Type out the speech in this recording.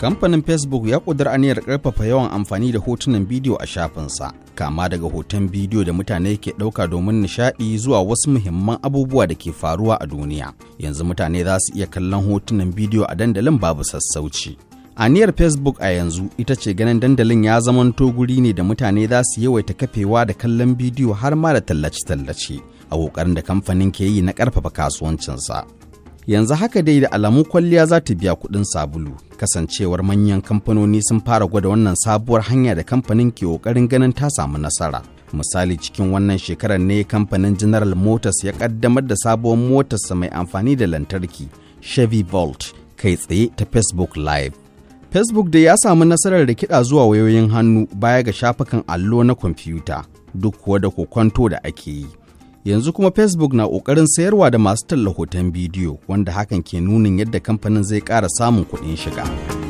Kamfanin Facebook ya ƙudur aniyar ƙarfafa yawan amfani da hotunan bidiyo a shafinsa, kama daga hoton bidiyo da mutane ke ɗauka domin nishaɗi zuwa wasu muhimman abubuwa da ke faruwa a duniya. Yanzu mutane za su iya kallon hotunan bidiyo a dandalin babu sassauci. Aniyar Facebook a yanzu ita ce ganin dandalin ya zamanto guri ne da mutane za su yawaita kafewa da kallon bidiyo har ma da tallace-tallace a ƙoƙarin da kamfanin ke yi na ƙarfafa kasuwancinsa. yanzu haka dai da alamun kwalliya za ta biya kuɗin sabulu kasancewar manyan kamfanoni sun fara gwada wannan sabuwar hanya da kamfanin ke ƙoƙarin ganin ta samu nasara misali cikin wannan shekarar ne kamfanin general motors ya ƙaddamar da sabuwar motarsa mai amfani da lantarki chevy volt kai tsaye ta facebook live facebook da ya samu nasarar da kiɗa zuwa wayoyin hannu baya ga shafukan allo na kwamfuta duk kuwa da kwanto da ake yi yanzu kuma facebook na ƙoƙarin sayarwa da masu talla hoton bidiyo wanda hakan ke nunin yadda kamfanin zai ƙara samun kuɗin shiga.